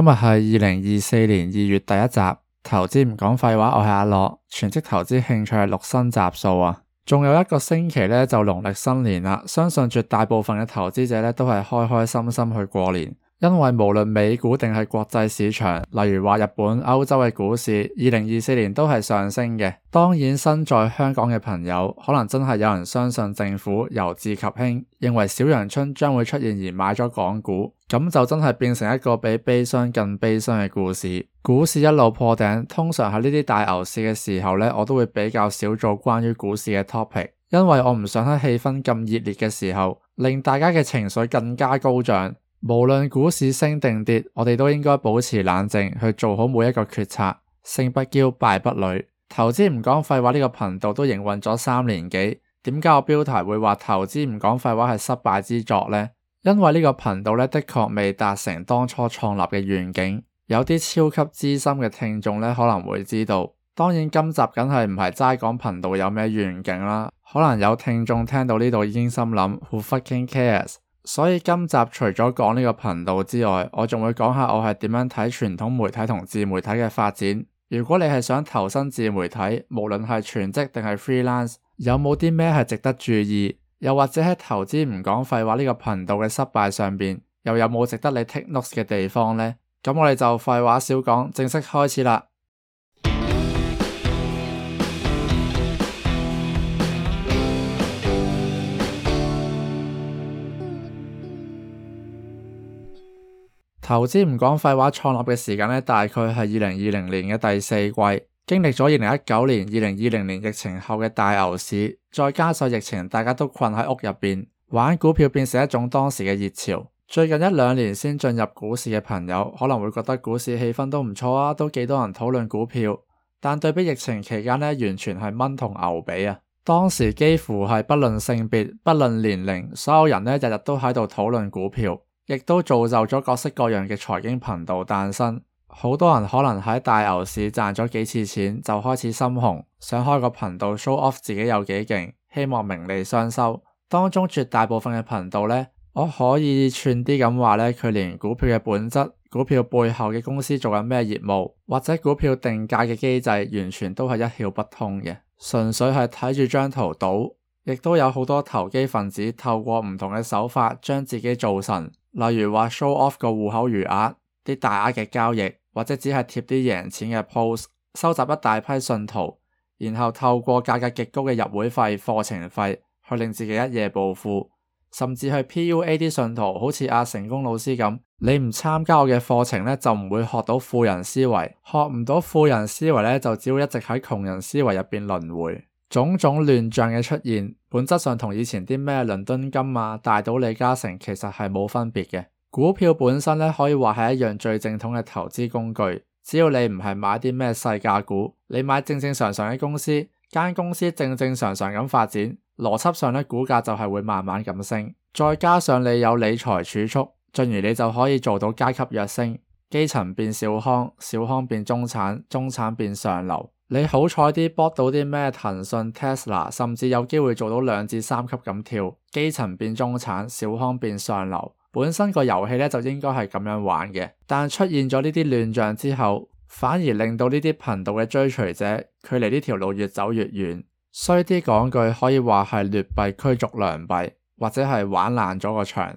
今日係二零二四年二月第一集，投資唔講廢話，我係阿樂，全職投資興趣係六新集數啊，仲有一個星期咧就農曆新年啦，相信絕大部分嘅投資者咧都係開開心心去過年。因為無論美股定係國際市場，例如話日本、歐洲嘅股市，二零二四年都係上升嘅。當然身在香港嘅朋友，可能真係有人相信政府由治及興，認為小陽春將會出現而買咗港股，咁就真係變成一個比悲傷更悲傷嘅故事。股市一路破頂，通常喺呢啲大牛市嘅時候呢，我都會比較少做關於股市嘅 topic，因為我唔想喺氣氛咁熱烈嘅時候，令大家嘅情緒更加高漲。無論股市升定跌，我哋都應該保持冷靜去做好每一個決策，勝不驕，敗不餒。投資唔講廢話呢個頻道都營運咗三年幾，點解我個標題會話投資唔講廢話係失敗之作呢？因爲呢個頻道咧的確未達成當初創立嘅願景。有啲超級資深嘅聽眾咧可能會知道，當然今集梗係唔係齋講頻道有咩願景啦。可能有聽眾聽到呢度已經心諗 Who fucking cares？所以今集除咗講呢個頻道之外，我仲會講下我係點樣睇傳統媒體同自媒體嘅發展。如果你係想投身自媒體，無論係全職定係 freelance，有冇啲咩係值得注意？又或者喺投資唔講廢話呢個頻道嘅失敗上面，又有冇值得你 take notes 嘅地方呢？咁我哋就廢話少講，正式開始啦。投資唔講廢話，創立嘅時間大概係二零二零年嘅第四季，經歷咗二零一九年、二零二零年疫情後嘅大牛市，再加上疫情，大家都困喺屋入邊，玩股票變成一種當時嘅熱潮。最近一兩年先進入股市嘅朋友，可能會覺得股市氣氛都唔錯啊，都幾多人討論股票。但對比疫情期間咧，完全係蚊同牛髀啊！當時幾乎係不論性別、不論年齡，所有人咧日日都喺度討論股票。亦都造就咗各式各樣嘅財經頻道誕生。好多人可能喺大牛市賺咗幾次錢，就開始心紅，想開個頻道 show off 自己有幾勁，希望名利雙收。當中絕大部分嘅頻道呢，我可以串啲咁話呢，佢連股票嘅本質、股票背後嘅公司做緊咩業務或者股票定價嘅機制，完全都係一竅不通嘅，純粹係睇住張圖賭。亦都有好多投機分子透過唔同嘅手法，將自己做神。例如話 show off 個戶口餘額，啲大額嘅交易，或者只係貼啲贏錢嘅 post，收集一大批信徒，然後透過價格極高嘅入會費、課程費去令自己一夜暴富，甚至去 PUA 啲信徒，好似阿、啊、成功老師咁，你唔參加我嘅課程呢，就唔會學到富人思維，學唔到富人思維呢，就只會一直喺窮人思維入面輪回。種種亂象嘅出現，本質上同以前啲咩倫敦金啊、大到李嘉誠其實係冇分別嘅。股票本身呢，可以話係一樣最正統嘅投資工具。只要你唔係買啲咩細價股，你買正正常常嘅公司，間公司正正常常咁發展，邏輯上呢，股價就係會慢慢咁升。再加上你有理財儲蓄，進而你就可以做到階級躍升，基層變小康，小康變中產，中產變上流。你好彩啲博到啲咩騰訊、Tesla，甚至有機會做到兩至三級咁跳，基層變中產，小康變上流。本身個遊戲咧就應該係咁樣玩嘅，但出現咗呢啲亂象之後，反而令到呢啲頻道嘅追隨者，距離呢條路越走越遠。衰啲講句，可以話係劣幣驅逐良幣，或者係玩爛咗個場。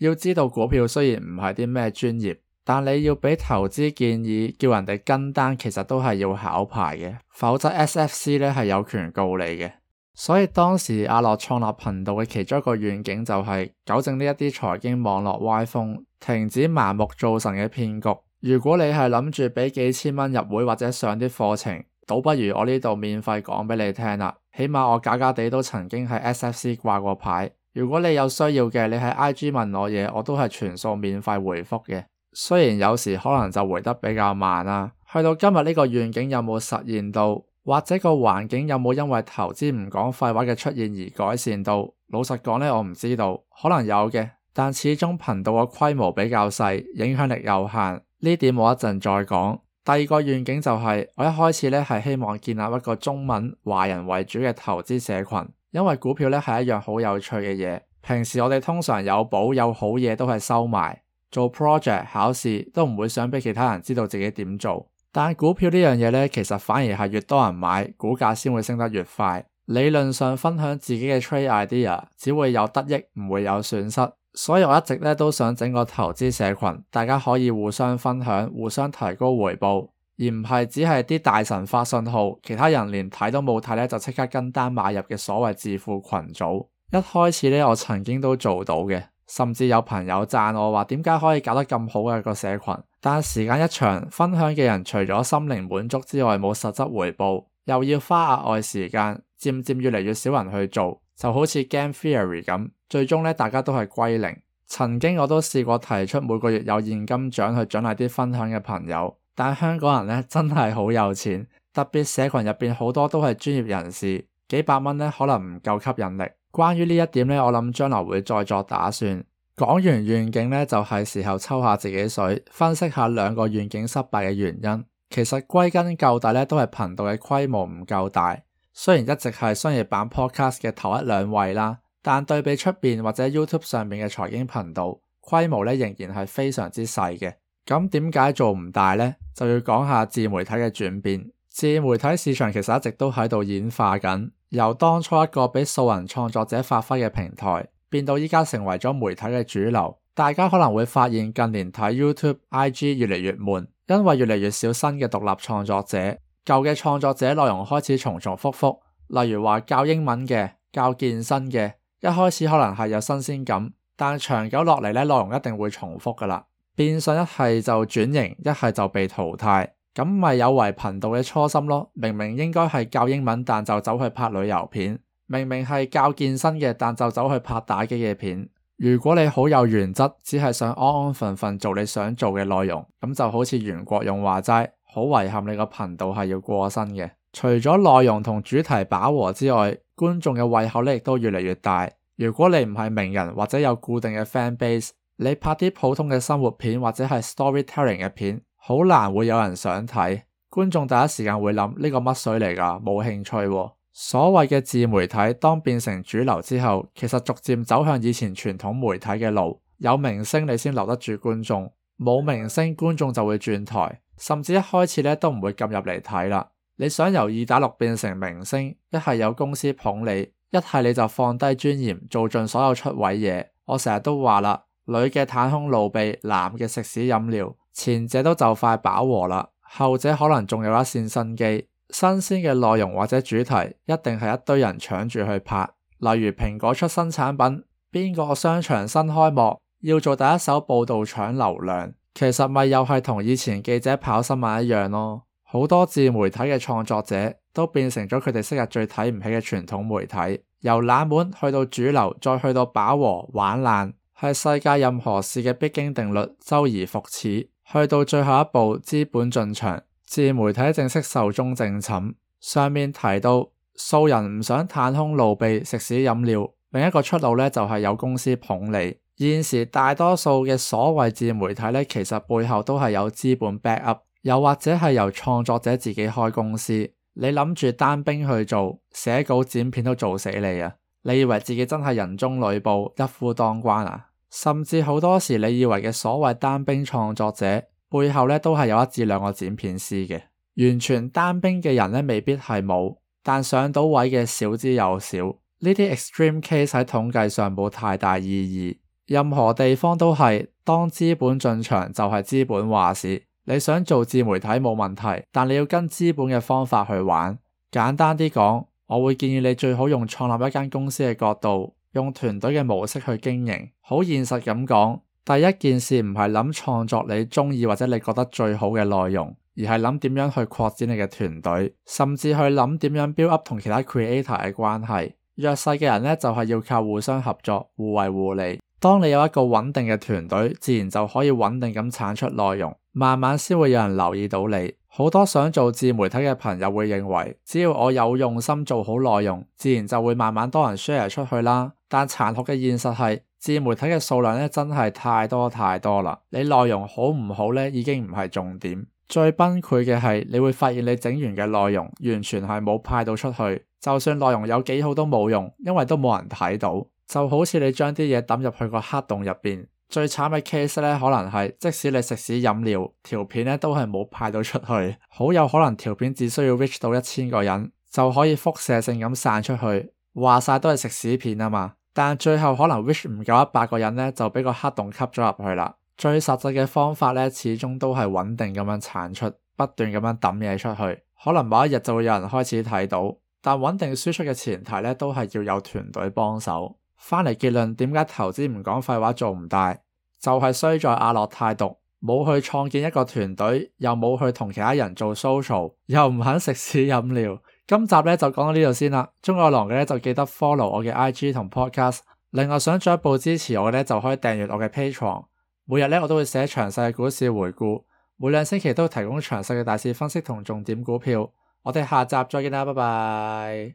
要知道股票雖然唔係啲咩專業。但你要俾投資建議，叫人哋跟單，其實都係要考牌嘅，否則 SFC 咧，係有權告你嘅。所以當時阿樂創立頻道嘅其中一個願景就係、是、糾正呢一啲財經網絡歪風，停止盲目造神嘅騙局。如果你係諗住俾幾千蚊入會或者上啲課程，倒不如我呢度免費講俾你聽啦，起碼我假假地都曾經喺 SFC 掛過牌。如果你有需要嘅，你喺 IG 問我嘢，我都係全數免費回覆嘅。雖然有時可能就回得比較慢啦，啊，去到今日呢個願景有冇實現到，或者個環境有冇因為投資唔講廢話嘅出現而改善到？老實講呢，我唔知道，可能有嘅，但始終頻道嘅規模比較細，影響力有限，呢點我一陣再講。第二個願景就係、是、我一開始呢係希望建立一個中文華人為主嘅投資社群，因為股票呢係一樣好有趣嘅嘢，平時我哋通常有保有好嘢都係收埋。做 project 考試都唔會想俾其他人知道自己點做，但股票呢樣嘢咧，其實反而係越多人買，股價先會升得越快。理論上分享自己嘅 trade idea 只會有得益，唔會有損失。所以我一直咧都想整個投資社群，大家可以互相分享，互相提高回報，而唔係只係啲大神發信號，其他人連睇都冇睇咧就即刻跟單買入嘅所謂致富群組。一開始咧我曾經都做到嘅。甚至有朋友讚我話，點解可以搞得咁好嘅一個社群？但時間一長，分享嘅人除咗心靈滿足之外，冇實質回報，又要花額外時間，漸漸越嚟越少人去做，就好似 game theory 咁，最終呢大家都係歸零。曾經我都試過提出每個月有現金獎去獎勵啲分享嘅朋友，但香港人呢真係好有錢，特別社群入面好多都係專業人士，幾百蚊呢可能唔夠吸引力。關於呢一點咧，我諗將來會再作打算。講完願景咧，就係時候抽下自己水，分析下兩個願景失敗嘅原因。其實歸根究底咧，都係頻道嘅規模唔夠大。雖然一直係商業版 Podcast 嘅頭一兩位啦，但對比出邊或者 YouTube 上面嘅財經頻道，規模咧仍然係非常之細嘅。咁點解做唔大咧？就要講下自媒體嘅轉變。自媒體市場其實一直都喺度演化緊，由當初一個俾素人創作者發揮嘅平台，變到依家成為咗媒體嘅主流。大家可能會發現近年睇 YouTube、IG 越嚟越悶，因為越嚟越少新嘅獨立創作者，舊嘅創作者內容開始重重複複。例如話教英文嘅、教健身嘅，一開始可能係有新鮮感，但長久落嚟咧，內容一定會重複噶啦。變相一係就轉型，一係就被淘汰。咁咪有違頻道嘅初心咯。明明應該係教英文，但就走去拍旅遊片；明明係教健身嘅，但就走去拍打機嘅片。如果你好有原則，只係想安安分分做你想做嘅內容，咁就好似袁國勇話齋，好遺憾你個頻道係要過身嘅。除咗內容同主題飽和之外，觀眾嘅胃口咧亦都越嚟越大。如果你唔係名人或者有固定嘅 fan base，你拍啲普通嘅生活片或者係 storytelling 嘅片。好難會有人想睇，觀眾第一時間會諗呢個乜水嚟噶，冇興趣喎。所謂嘅自媒體當變成主流之後，其實逐漸走向以前傳統媒體嘅路。有明星你先留得住觀眾，冇明星觀眾就會轉台，甚至一開始咧都唔會撳入嚟睇啦。你想由二打六變成明星，一係有公司捧你，一係你就放低尊嚴做盡所有出位嘢。我成日都話啦，女嘅坦胸露臂，男嘅食屎飲料。前者都就快飽和啦，後者可能仲有一線生機。新鮮嘅內容或者主題一定係一堆人搶住去拍，例如蘋果出新產品，邊個商場新開幕，要做第一手報道搶流量。其實咪又係同以前記者跑新聞一樣咯。好多自媒體嘅創作者都變成咗佢哋昔日最睇唔起嘅傳統媒體，由冷門去到主流，再去到飽和玩爛，係世界任何事嘅必經定律，周而復始。去到最後一步，資本進場，自媒體正式壽終正寢。上面提到，素人唔想坦胸露臂食屎飲尿，另一個出路咧就係、是、有公司捧你。現時大多數嘅所謂自媒體咧，其實背後都係有資本 back up，又或者係由創作者自己開公司。你諗住單兵去做寫稿剪片都做死你啊！你以為自己真係人中呂布，一夫當關啊？甚至好多時，你以為嘅所謂單兵創作者背後咧，都係有一至兩個剪片師嘅。完全單兵嘅人咧，未必係冇，但上到位嘅少之又少。呢啲 extreme case 喺統計上冇太大意義。任何地方都係，當資本進場就係資本話事。你想做自媒體冇問題，但你要跟資本嘅方法去玩。簡單啲講，我會建議你最好用創立一間公司嘅角度。用團隊嘅模式去經營，好現實咁講，第一件事唔係諗創作你中意或者你覺得最好嘅內容，而係諗點樣去擴展你嘅團隊，甚至去諗點樣 build up 同其他 creator 嘅關係。弱勢嘅人呢，就係要靠互相合作、互惠互利。當你有一個穩定嘅團隊，自然就可以穩定咁產出內容，慢慢先會有人留意到你。好多想做自媒體嘅朋友會認為，只要我有用心做好內容，自然就會慢慢多人 share 出去啦。但殘酷嘅現實係，自媒體嘅數量咧真係太多太多啦。你內容好唔好咧已經唔係重點，最崩潰嘅係，你會發現你整完嘅內容完全係冇派到出去。就算內容有幾好都冇用，因為都冇人睇到。就好似你將啲嘢抌入去個黑洞入邊。最慘嘅 case 咧，可能係即使你食屎飲料條片咧，都係冇派到出去。 好有可能條片只需要 reach 到一千個人就可以輻射性咁散出去。話晒都係食屎片啊嘛～但最後可能 wish 唔夠一百個人咧，就俾個黑洞吸咗入去啦。最實際嘅方法咧，始終都係穩定咁樣產出，不斷咁樣抌嘢出去。可能某一日就會有人開始睇到。但穩定輸出嘅前提咧，都係要有團隊幫手。翻嚟結論，點解投資唔講廢話做唔大？就係、是、衰在阿樂太獨，冇去創建一個團隊，又冇去同其他人做 social，又唔肯食屎飲料。今集咧就講到呢度先啦。鍾意狼嘅咧就記得 follow 我嘅 IG 同 Podcast。另外想進一步支持我嘅咧，就可以訂閱我嘅 Patreon。每日咧我都會寫詳細嘅股市回顧，每兩星期都會提供詳細嘅大市分析同重點股票。我哋下集再見啦，拜拜。